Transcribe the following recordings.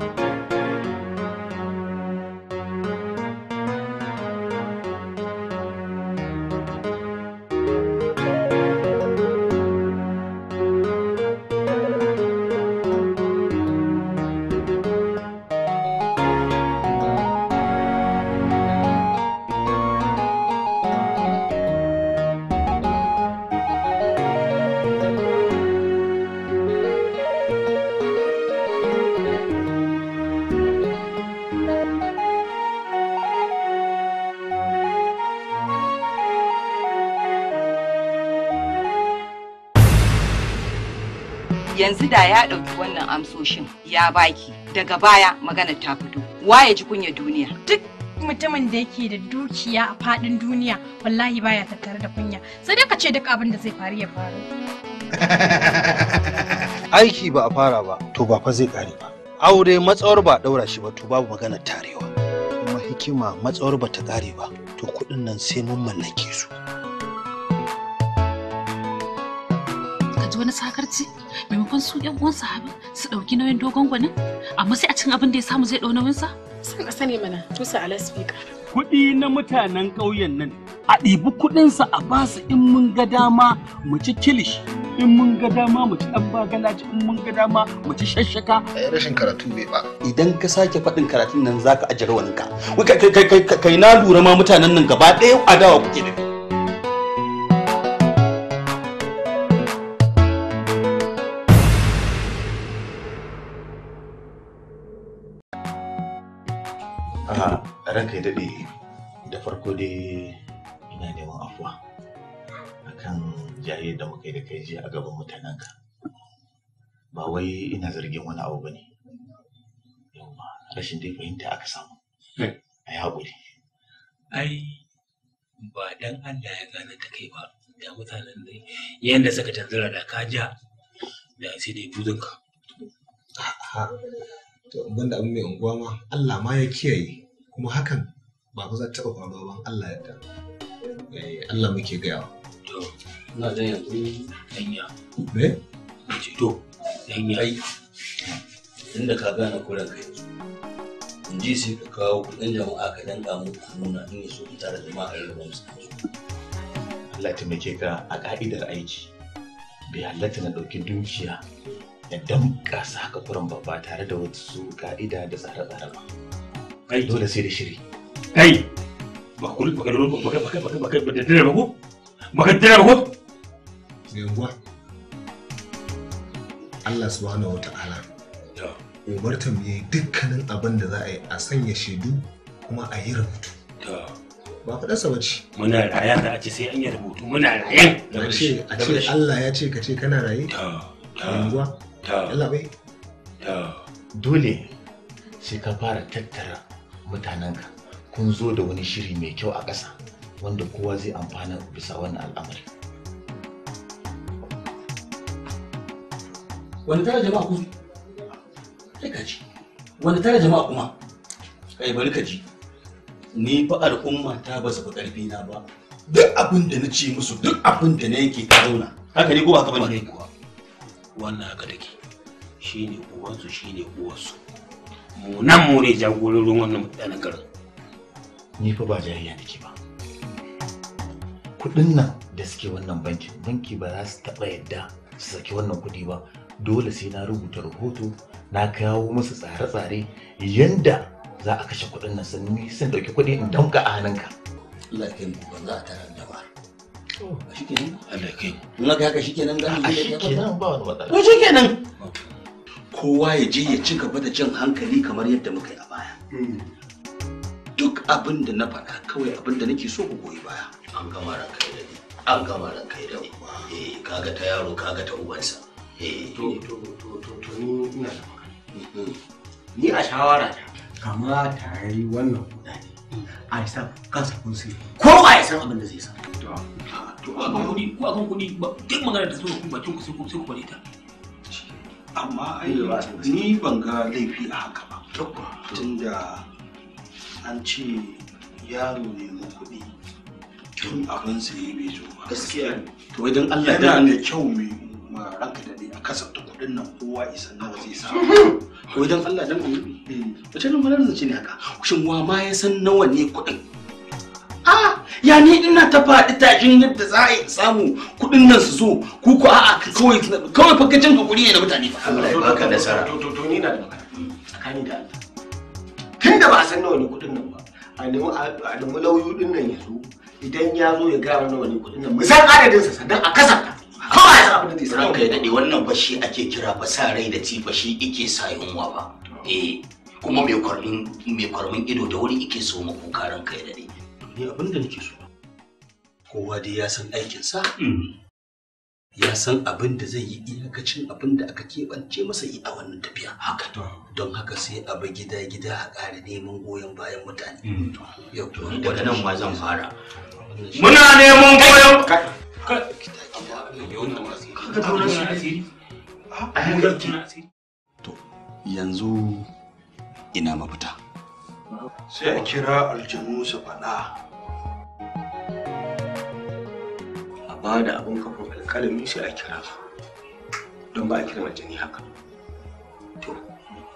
Thank you. yanzu da ya ɗauki wannan amsoshin ya baki daga baya magana ta fito waye ji kunya duniya duk mutumin da yake da dukiya a fadin duniya wallahi baya tattare da kunya sai dai ka ce duk abin da zai faru ya faru aiki ba a fara ba to ba fa zai kare ba aure matsawar ba daura shi ba to babu magana tarewa kuma hikima matsawar ba ta kare ba to kuɗin nan sai mun mallake su wani sakarci maimakon su yan uwan sahabi su dauki nauyin dogon gwanin amma sai a cin abin da ya samu zai ɗau nauyin sa san a sani mana tusa alaspika kuɗi na mutanen ƙauyen nan a ɗibi kuɗinsa a basu in mun ga dama mu ci kilish in mun ga dama mu ci dan bagalaci in mun ga dama mu ci shashshaka rashin karatu bai ba idan ka sake faɗin karatun nan zaka ajira waninka kai kai kai na lura ma mutanen nan gaba ɗaya adawa kuke da da muka yi da kai jiya a gaban mutanenka ba wai ina zargin wani abu bane yauwa rashin dai fahimta aka samu eh. ai haƙuri ai ba dan Allah ya gane ta kai ba da mutanen dai yanda suka tanzura da ka ja da sai dai budinka to ban da abin mai unguwa ma Allah ma ya kiyaye kuma hakan ba ku za ta taɓa faruwa ba, Allah ya ta eh, Allah muke gayawa to na da yanzu danya me cito danya inda ka gane kuren kai in ji sai ka kawo kudin jama'a ka danka mu a nuna in so in tare jama'a da rabon su Allah taimake ka a ka'idar aiki bai halatta na dauki dukiya da sa haka kuren ba tare da su ka'ida da tsare-tsare ba. Kai dole sai da shiri. Kai! Ba kuri ba ka ba ka ba ka ba ka ba ka ba ka ba ka ba ka yanzu Allah subhanahu wata'ala umartan ya dukkanin abin da za a yi a sanya shaidu kuma a yi rubutu ba ku ba ce muna raya da a ce sai an yi rubutu muna rayan a ce Allah ya ce ka ce kana raye yanzu Allah bai dole sai ka fara tattara mutanenka kun zo da wani shiri mai kyau a ƙasa wanda kowa zai amfana bisa wannan al'amari wanda tara jama'a kuma kai ka ji wanda tara jama'a kuma kai bari ka ji ni fa al'umma ta ba su karfi na ba duk abin da na ce musu duk abin da na yake ta zauna haka ne ko ba ka bane kuwa wannan haka take shine su shine su mu nan mu ne jagororin wannan mutanen garin ni fa ba jariya nake ba kudin nan da suke wannan banki banki ba za su taba yadda su saki wannan kudi ba dole sai na rubuta rahoto na kawo musu tsare-tsare yanda za a kashe kudin nan sun ni kuɗi in damka a hannunka. lakin ba za a da ba. Shikenan kuma ga ba shikenan. Kowa ya je ya ci gaba da jan hankali kamar yadda muka yi a baya. Hmm. Duk abin da na faɗa kawai abin da nake so ku goyi baya. An gama kai da ni. An gama eh, ta yaro kaga ta ubansa. Eh, eh. to to ni ina da mm, mm. ni a shawara ta kamata mm. ya yi wannan kudade a yi sa kansa kun sai ko a yi san abin da zai sa to a kan kudi ko a kan kudi duk magana da suka kuma bakin ku sai ku sai ku bari ta amma ni ban ga laifi a haka ba da an ce yaro ne nemi kuɗi tun abin sai bai zo ba gaskiya to idan Allah yana da kyau mai ma ranka da a kasafta kuɗin nan kowa isan nawa zai samu ko dan Allah dan annabi hmm. wace nan malar zance ne haka shin wa ma ya san nawa ne a ya ni ina ta faɗi tashin yadda za a samu kuɗin nan su zo ku ko a'a kawai kawai fakacin hakuri ne na mutane ba Allah ya baka nasara to to ni na da magana tsakani da Allah ba a san nawa ne kuɗin nan ba a nemi lauyu ɗin nan ya zo idan ya zo ya gaya mana wani nan mu san adadinsa sannan a kasafta kowa ya san da zai ranka ya dade wannan ba shi ake kira ba sa rai da ci ba shi ike sa yunwa ba eh kuma mai kwarmin mai kwarmin ido da wuri ike so mu kuka ranka ya dade ni abin da nake so kowa dai ya san aikin sa hmm. ya san abin da zai yi iyakacin abin da aka keɓance masa yi a wannan tafiya haka don haka sai a bi gida gida a ƙara neman goyon bayan mutane hmm. yau daga nan ma zan fara muna neman goyon kada to yanzu ina mafita sai a kira aljanu su faɗa a ba da abin kafin alƙalami sai a kira su don ba a kiran aljani haka to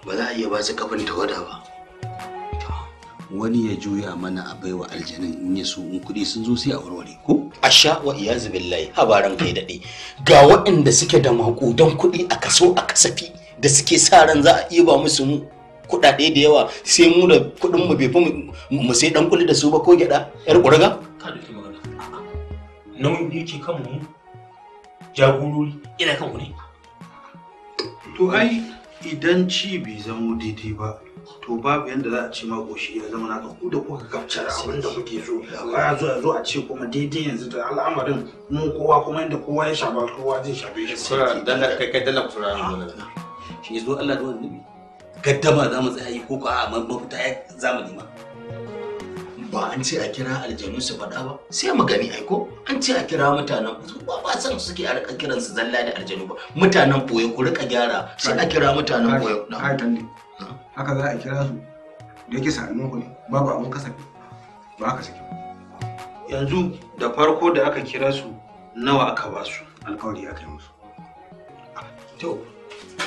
ba za a iya ba su kafin tawada ba wani ya juya mana a baiwa aljanin in ya so in kuɗi sun zo sai a warware ko asha wa iyazu billahi habaran kai daɗe ga waɗanda suke da maƙudan kuɗi a kaso a kasafi da suke sa ran za a ɗiba musu mu kuɗaɗe da yawa sai mu da kuɗin mu bai fi mu sai ɗan kuli da su ba ko gyaɗa yar kuraga ka da magana nauyin da yake kan mu jagorori ina kan ku ne to ai idan ci bai zamo daidai ba to babu yanda za a ce ma goshi ya zama naka ku da kuka kafcara abin da kuke so ba ya zo a zo a ce kuma daidai yanzu da al'amarin mu kowa kuma yadda kowa ya shaba kowa zai shabe shi sai dan kai kai dalla kusura ne shi zo Allah da wannan gaddama za mu tsaya yi ko ba mafita ya zamani ma ba an ce a kira aljanu su faɗa ba sai mu gani aiko an ce a kira mutanen ba ba san suke a rika kiransu zalla da aljanu ba mutanen boye ku rika gyara sai a kira mutanen boye na haka za a kira su da yake sa'annin ku ne babu abin kasafi ba aka saki yanzu da farko da aka kira su nawa aka ba su alkawari aka yi musu to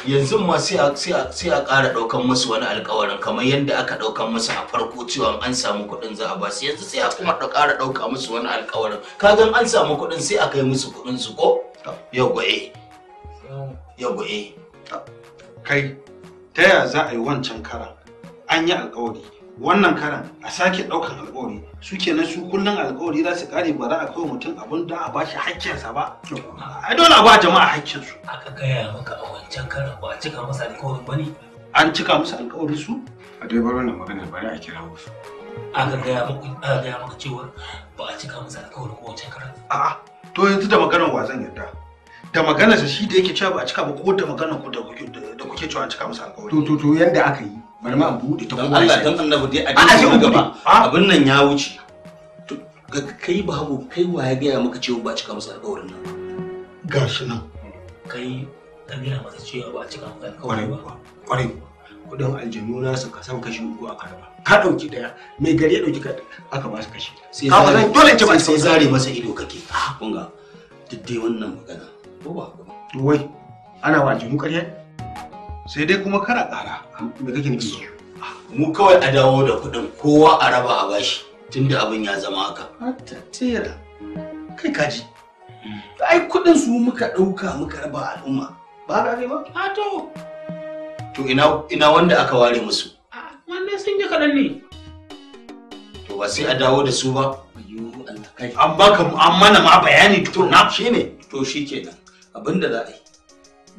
yanzu ma sai a ƙara ɗaukan musu wani alkawarin kamar yadda aka ɗaukan musu a farko cewa an samu kuɗin za a ba su yanzu sai a kuma ƙara ɗauka musu wani alkawarin kagan an samu kuɗin sai a kai musu kuɗin su ko yau gwaye yau gwaye kai ta yaya za a yi wancan karan an yi alkawari wannan karan a sake ɗaukan alkawari su kenan su kullum alkawari za su ƙare ba za a kai mutum abin da a bashi haƙƙinsa ba a dole a ba jama'a haƙƙinsu aka gaya maka a wancan karan ba a cika masa alkawarin ba ne an cika musu alkawari su a dai bar wannan magana ne a kira musu aka gaya maka a gaya maka cewa ba a cika masa alkawarin ko wancan karan a'a to yanzu da maganar wa zan yarda da sa shi da yake cewa ba a cika ba ko da magana ko da kuke cewa an cika masa alƙawari to to to yanda aka yi malama an bude ta kuma Allah dan annabi dai a dinga gaba ah. abin nan ya wuce ga kai babu kai wa ya gaya maka cewa ba a cika masa alƙawarin nan gashi nan kai ka gaya masa cewa ba a cika masa alƙawarin ba kwarai kudin aljanu su ka san kashi uku aka raba ka dauki daya mai gari ya dauki aka ba shi kashi sai zare masa ido kake ah, kun ga duk dai wannan magana ko wai ana wa aljanu ƙarya sai dai kuma kara ƙara me kake nufi mu kawai a dawo da kuɗin kowa a raba a bashi tunda abin ya zama haka tera kai kaji ai kuɗin su muka ɗauka muka raba al'umma ba ga ba a to to ina ina wanda aka ware musu wannan sun yi kaɗan ne to ba sai a dawo da su ba an baka an mana ma bayani to na ne to shikenan abinda za a yi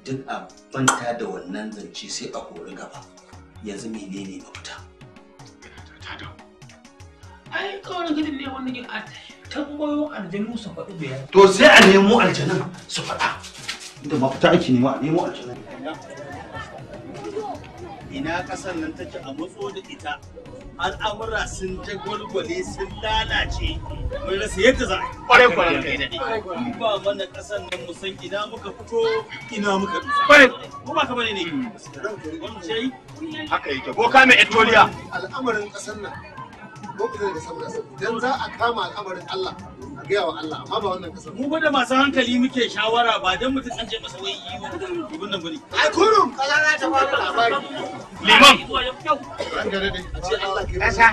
duk a manta da wannan zance sai a kori gaba yanzu menene mafita ai kawai gidan ne wannan yin a tambayo aljanu su faɗi bayani to sai a nemo aljanun su faɗa inda mafita ake nema a nemo aljanan ina ƙasar nan take a matso da ita al'amura sun je gwalgwale sun lalace mun rasa yadda za a yi kwarai kwarai kai da ne ba mana kasan nan mu san ina muka fito ina muka dusa kwarai ko ba ka bane ne hmm. wannan sai haka yake ko ka mai etoliya al'amarin kasan nan lokacin da saboda Idan za a kama al'amarin Allah gaya wa Allah amma ba wannan kasar. Mu ba da masu hankali muke shawara ba dan mutum an je masa wai yi abin nan bane. Ai kurum ta fara labari. Liman. An gare a ce Allah ke. Kasa.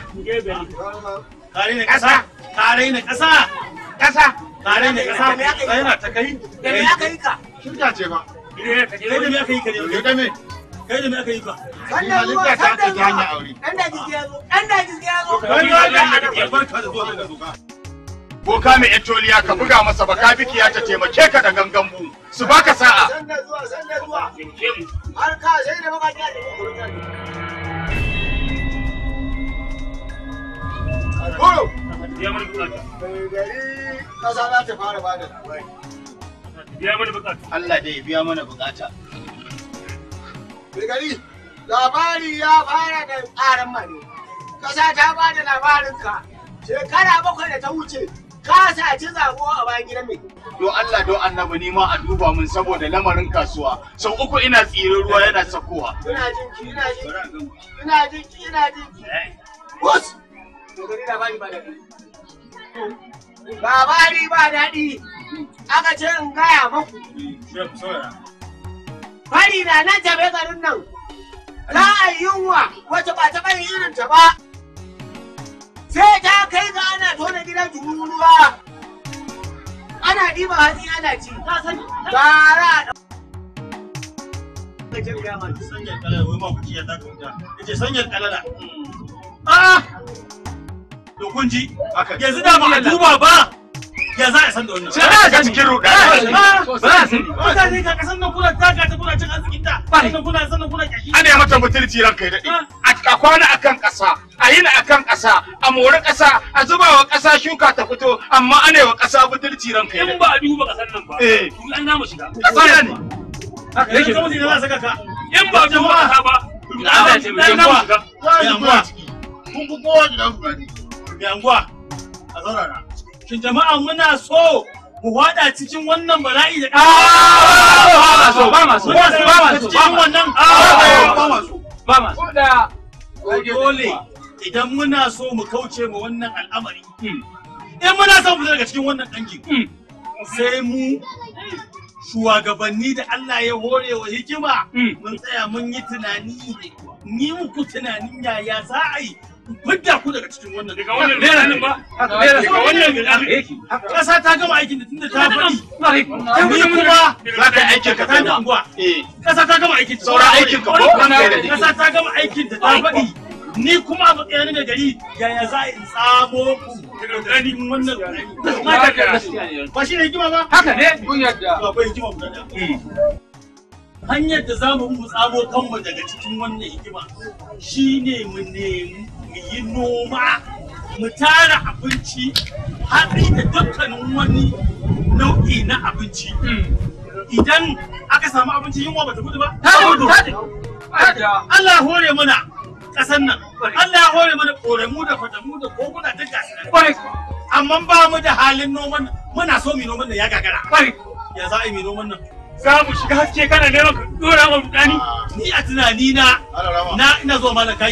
Kare ne kasa. Kare ne kasa. Kasa. Kare ne kasa. Kai na ta kai. Da me aka yi ka? Shirka ce ba. Kai da me aka yi ka ne? Da me? kai da me aka yi ba wannan ruwa sandan ruwa dan da gizi ya zo dan da zo da da da ko ka mai etoliya ka buga masa baka bikiya ta taimake ka da mu su baka sa'a Allah dai biya mana bukata. Birgari, labari ya fara da tsarin mani. Kasa ta bada labarinka. Shekara bakwai da ta wuce, sa a ci zabo a bayan gidan mai. Do Allah do annabi ni ma a duba mun saboda lamarin kasuwa. Sau uku ina tsirin ruwa yana sakowa. Ina jin ki ina jin ki ina jin ki ina jin ki. Bus! Dogari ba daɗi. ba daɗi. Aka ce in gaya maku. Fari na nan jabe garin nan. Za a yi yunwa wacce ba ta bari irin ta ba. sai ta kai ga ana tona gidan ruwa ana ɗiba hatsi ana ci ka sani sanyar kalala wai ma ya sanyar kalala ah yanzu da ba a duba ba ya za a san da wannan sai za a ga cikin ruɗa ba za a sani mutane ka kasan nan kuna ta kuna cin arzikin ta sannan kuna san kuna kyashi ana mata mutunci kai a kwana akan ƙasa a yi na akan ƙasa a mori ƙasa a zuba wa ƙasa shuka ta amma ana yi wa ƙasa mutunci in ba a duba ƙasar nan ba eh an shiga ne za a saka ka in ba a duba ba Shin jama'a muna so mu haɗa cikin wannan bala'i da ah, ba so ba ma so ba ma so ba ma so ba ma so ba ma dole idan muna so mu kauce wa wannan al'amari hmm. in muna so mu daga cikin wannan dangin hmm. sai mu shugabanni da Allah ya hore wa hikima hmm. mun tsaya mun yi tunani ni muku tunanin yaya za a yi Mudda ku daga cikin wannan. Daga wannan wannan Ƙasa ta gama aikin da tunda ta faɗi. za ka yi aikin ka Ƙasa ta gama aikin. da ta faɗi. Ni kuma a matsayin da gari yaya za in tsamo wannan ba shi ne hikima ba? Haka ne? hanyar da za mu tsamo kanmu daga cikin wannan hikima shi ne mu nemi mu yi noma mu tara abinci hatsi da dukkanin wani nau'i na abinci idan aka samu abinci yunwa ba ta gudu ba ta gudu Allah hore mana kasan nan Allah ya hore mana koremu da fadamu da koguna duk gasu amma ba mu da halin noman nan. muna so mu noman nan ya gagara ya za a yi noman nan za mu shiga haske kana neman dora mu mutane? ni a tunani na na ina zo malaka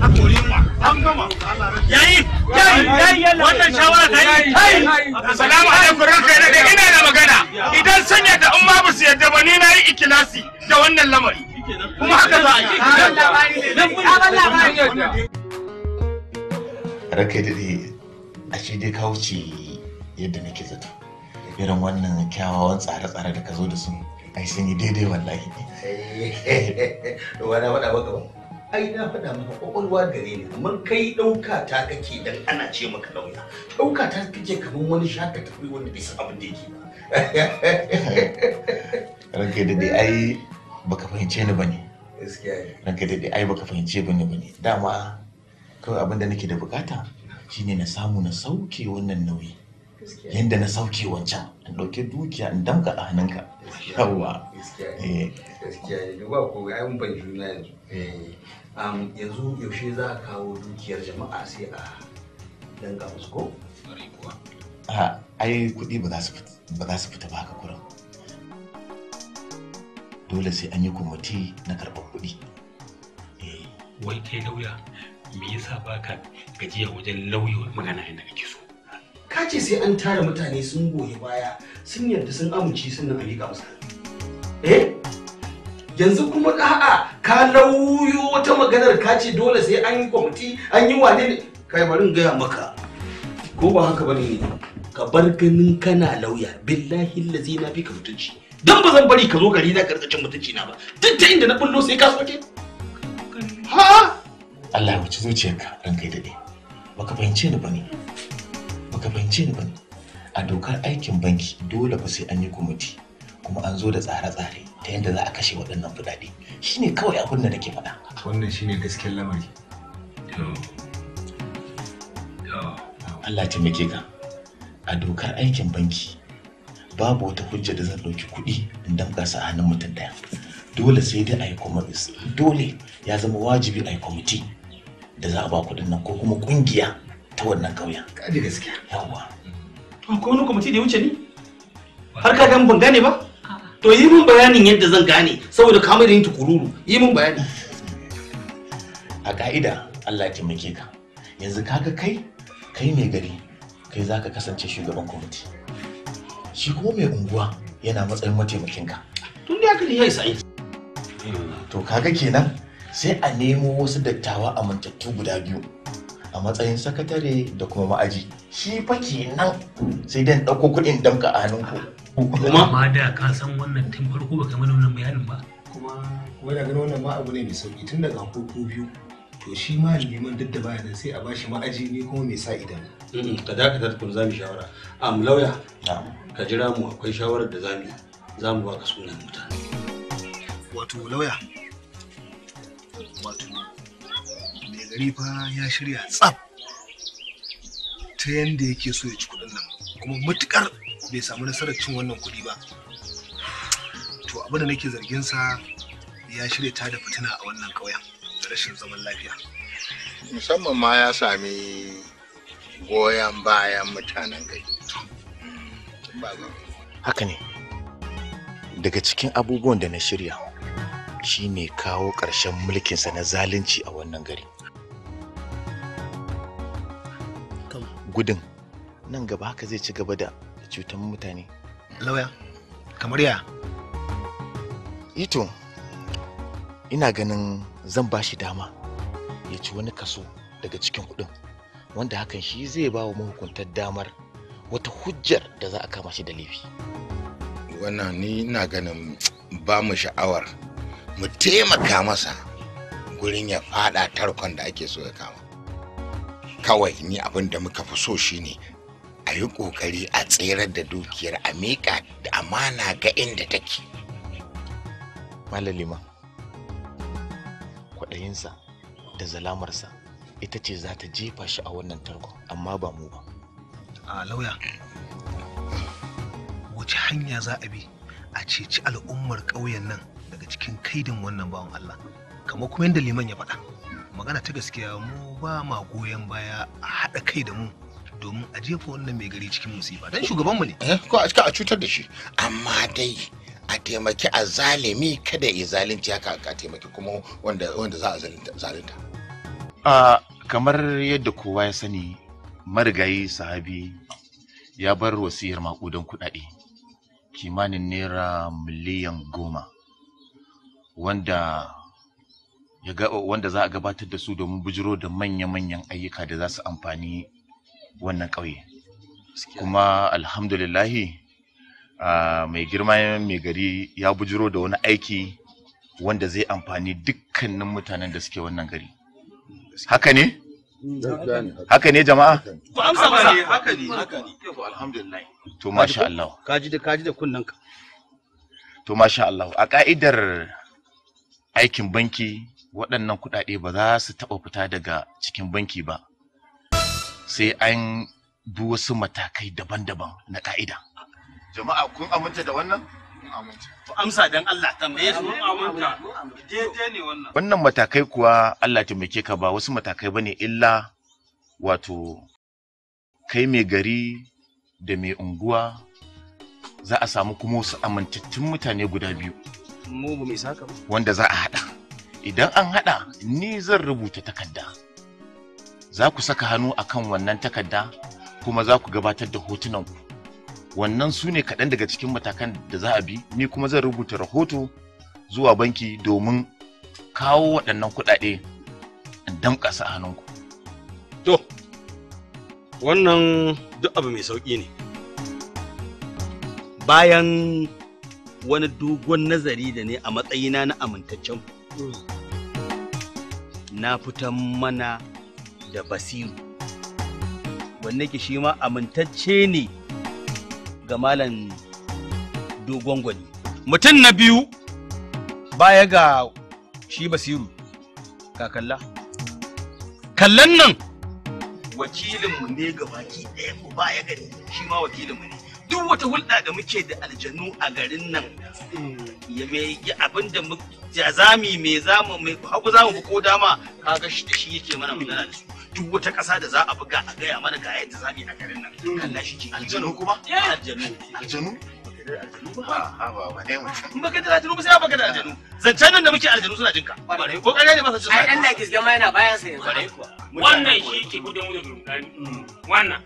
a kore wa an gama yayi yayi wannan shawara ta yi assalamu alaikum ranka yana da ina da magana idan sanya da umma ba su yadda ba ni na yi ikilasi da wannan lamari kuma haka za a yi da dade a shi dai ka wuce yadda nake zato irin wannan kyawawan tsare-tsare da ka zo da su ai sun yi daidai wallahi wani eh, wani ba. ai na faɗa maka ƙwaƙwalwa gare ne, amma kai ɗauka ta kake dan ana ce maka ɗauya. ɗauka ta kake kamar wani shaka tafi wanda bisa san abin da yake ba ranka da ai baka fahimce ni bane ranka da ai baka fahimce bane bane dama kawai abin da nake da bukata shine na samu na sauke wannan nauyi yadda na sauke wancan in ɗauki dukiya in damka a hannunka yawwa gaskiya ne duba ko ga mun ban juna yanzu eh. yanzu yaushe za a kawo dukiyar jama'a sai a danka musu ko a ai kuɗi ba za su fita ba ka kuran dole sai an yi kwamiti na karɓar kuɗi eh, wai kai lauya me yasa baka gajiya wajen lauya magana yadda kake so ka ce sai an tara mutane sun goyi baya sun yarda sun amince sannan a miƙa musu eh yanzu kuma a ka lauyo wata maganar ka ce dole sai an yi kwamiti an yi wane ne kai bari in gaya maka ko ba haka bane ne ka bar ganin kana lauya billahi lazi na fi ka mutunci dan ba zan bari ka zo gari na karka cin mutunci na ba duk ta inda na bullo sai ka soke ha Allah ya wuce zuciyarka dan kai dade baka fahimce ni bane baka fahimce ni bane a dokar aikin banki dole ba sai an yi kwamiti kuma an zo da tsare-tsare ta yadda za a kashe waɗannan kuɗaɗe shine kawai abin da nake faɗa wannan shine gaskiyar lamari Allah ta taimake ka a dokar aikin banki babu wata hujja da zan ɗauki kuɗi in damka sa hannun mutum ɗaya dole sai dai a yi dole ya zama wajibi a yi kwamiti da za a ba kuɗin nan ko kuma ƙungiya ta wannan ƙauyen kaji gaskiya yawwa to akwai wani kwamiti da ya wuce ni har ka gan ban gane ba to yi mun bayanin yadda zan gane saboda ka da yin tukururu yi mun bayani a ka'ida Allah ya taimake ka yanzu kaga kai kai mai gari kai za ka kasance shugaban kwamiti shi kuma mai unguwa yana matsayin mataimakin ka tun da ya isa sa'i to kaga kenan sai a nemo wasu dattawa a amintattu guda biyu a matsayin sakatare da kuma ma'aji shi fa kenan sai dan ɗauko kuɗin damka a hannunku kuma ma da ka san wannan tun farko baka mana wannan bayanin ba kuma kuma da gano wannan ma abu ne mai sauki tun daga koko biyu to shi ma liman duk da bayanan sai a bashi ma'aji ne kuma mai sa idan ka dakatar kun zamu shawara am lauya ka jira mu akwai shawarar da zamu za mu baka sunan mutane wato lauya wato mai gari fa ya shirya tsaf ta yanda yake so ya ci kuɗin nan kuma matukar bai samu nasarar cin wannan kuɗi ba to abin da nake zargin sa ya shirya ta da fitina a wannan ƙauyen da rashin zaman lafiya musamman ma ya sami goyon bayan mutanen gari hmm, haka ne daga cikin abubuwan da na shirya shine kawo ƙarshen mulkinsa na zalunci a wannan gari gudun nan gaba haka zai ci gaba da cutan mutane lauya kamar ya ito eh ina ganin zan ba shi dama ya ci wani kaso daga cikin kuɗin wanda hakan shi zai ba wa mahukuntar damar wata hujjar da za a kama shi da laifi wannan ni ina ganin ba mu sha'awar mu taimaka masa gurin ya fada tarkon da ake so ya kama kawai ni abin da muka fi so shine a yi ƙoƙari a tserar da dukiyar a miƙa da amana ga inda take malalima kwaɗayinsa da zalamarsa ita ce za ta jefa shi a wannan tarko amma ba mu ba a lauya wace hanya za a bi a ceci al'ummar ƙauyen nan daga cikin kaidin wannan bawan Allah kamar kuma yadda liman ya faɗa magana ta gaskiya mu ba ma goyon baya a haɗa kai da mu domin a jefa wannan mai gari cikin musiba dan shugabanmu ne eh, ko a cika a cutar da shi amma dai a taimaki a zalimi kada ya zalunci haka a taimaki kuma wanda wanda za a zalunta a kamar yadda kowa ya sani marigayi sahabi ya bar wasiyar makudan kuɗaɗe kimanin naira miliyan goma wanda ya wanda za a gabatar da su domin bujiro da manya-manyan ayyuka da za su amfani wannan ƙauye kuma alhamdulillahi mai girma mai gari ya bujiro da wani aiki wanda zai amfani dukkanin mutanen da suke wannan gari haka ne haka ne jama'a ku amsa ba ne haka ne haka ne to masha Allah kaji da kaji da kunnanka to masha Allah a ka'idar aikin banki waɗannan kuɗaɗe ba za su taɓa fita daga cikin banki ba sai an bi wasu matakai daban-daban na ka'ida jama'a kun aminta da wannan amsa don Allah tambaye su amince. ne wannan wannan matakai kuwa Allah taimake ka ba wasu matakai bane illa wato kai mai gari da mai unguwa za a samu kuma wasu amintattun mutane guda biyu mu ba mai saka wanda za a hada idan an hada ni zan rubuta takarda za ku saka hannu a kan wannan takarda kuma za ku gabatar da hotunan ku wannan su ne kaɗan daga cikin matakan da za a bi ni kuma zan rubuta rahoto zuwa banki domin kawo waɗannan kuɗaɗe in damƙa a hannunku to wannan duk abu mai sauƙi ne bayan wani dogon nazari da ne a matsayina na amintaccen hmm. na fitan mana da basiru wanne ke shi ma amintacce ne ga malam dogon gwani mutum na biyu baya ga shi basiru kakalla Kallon nan wakilinmu ne ga baki ɗaya ko baya gani shi ma wakilinmu ne duk wata hulɗa da muke da aljanu a garin nan ya mai abin da ya zami mai zamu mai haku zamu ko dama kaga shi da shi yake mana magana da su duk wata ƙasa da za a buga a gaya mana ga yadda za mu yi a garin nan hmm. Allah shi ke aljanu kuma aljanu aljanu ah, ah, in baka da aljanu ba sai baka da aljanu zancen nan da muke aljanu suna jinka ko ƙarya ne ba sa ai dan da kisga ma yana bayan sa yanzu wannan shi ke gudun mu da gurgani hmm. wannan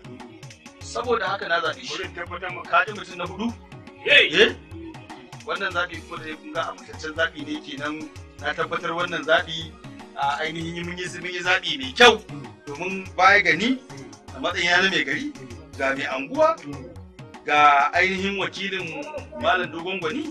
saboda haka na zaɓi shi tabbatar mu ka ji mutum na hudu eh? wannan zaɓi ko da ya kunga a mutaccen zaɓi ne kenan na tabbatar wannan zaɓi a ainihin mun yi zaɓi mai kyau domin baya gani a matsayin na mai gari ga mai anguwa ga ainihin wakilin malam dogon gwani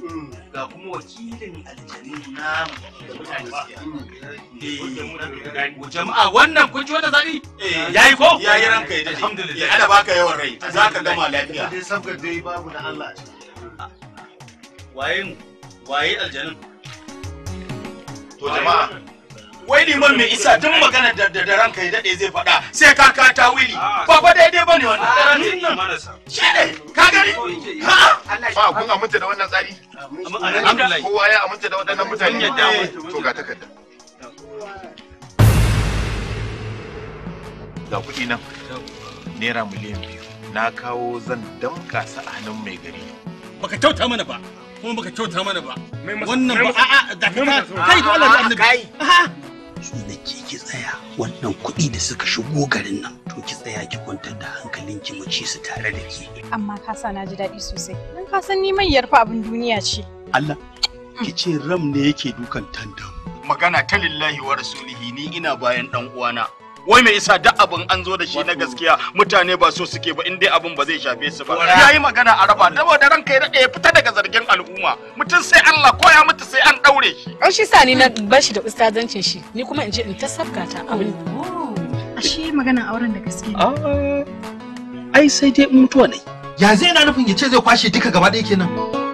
ga kuma wakilin aljani na mutane eh, jama'a wannan kun ci wata zaɓi eh, ya yi ko ya yi ranka ya dade. ya ala baka yawan rai za ka gama lafiya dai sabgar dai babu na Allah waye waye aljanin to jama'a wai liman mai isa duk magana da da ranka ya dade zai faɗa sai ka ka ta wili ba fa daidai bane wannan ah, shi ne ka gani ha ba kun aminta da wannan tsari kowa ya aminta da wannan mutane to ga takarda ga kuɗi nan naira miliyan biyu na kawo zan damka sa a hannun mai gari baka kyauta mana ba kuma baka kyauta mana ba wannan ba a'a da kai kai to Allah da annabi na ce ki tsaya wannan kuɗi da suka shigo garin nan to ki tsaya ki kwantar da hankalin ki mu ci su tare da ki amma ka sa na ji daɗi sosai dan ka san ni mai yarfa abin duniya ce Allah ki ce ram ne yake dukan tandan magana ta lillahi wa rasulihi ni ina bayan dan uwana wai mai isa duk abin an zo da shi na gaskiya mutane ba so suke ba in dai abin ba zai shafe su ba Ya yi magana a raba da wanda ranka ya ya fita daga zargin al'umma mutum sai Allah ko ya mutu sai an daure shi an shi sa ni na bashi da ustazancin shi ni kuma in je in ta ta abin oh, ashe magana auren da gaske ah, ai sai dai mutuwa ne ya zai na nufin ya ce zai kwashe duka gaba ɗaya kenan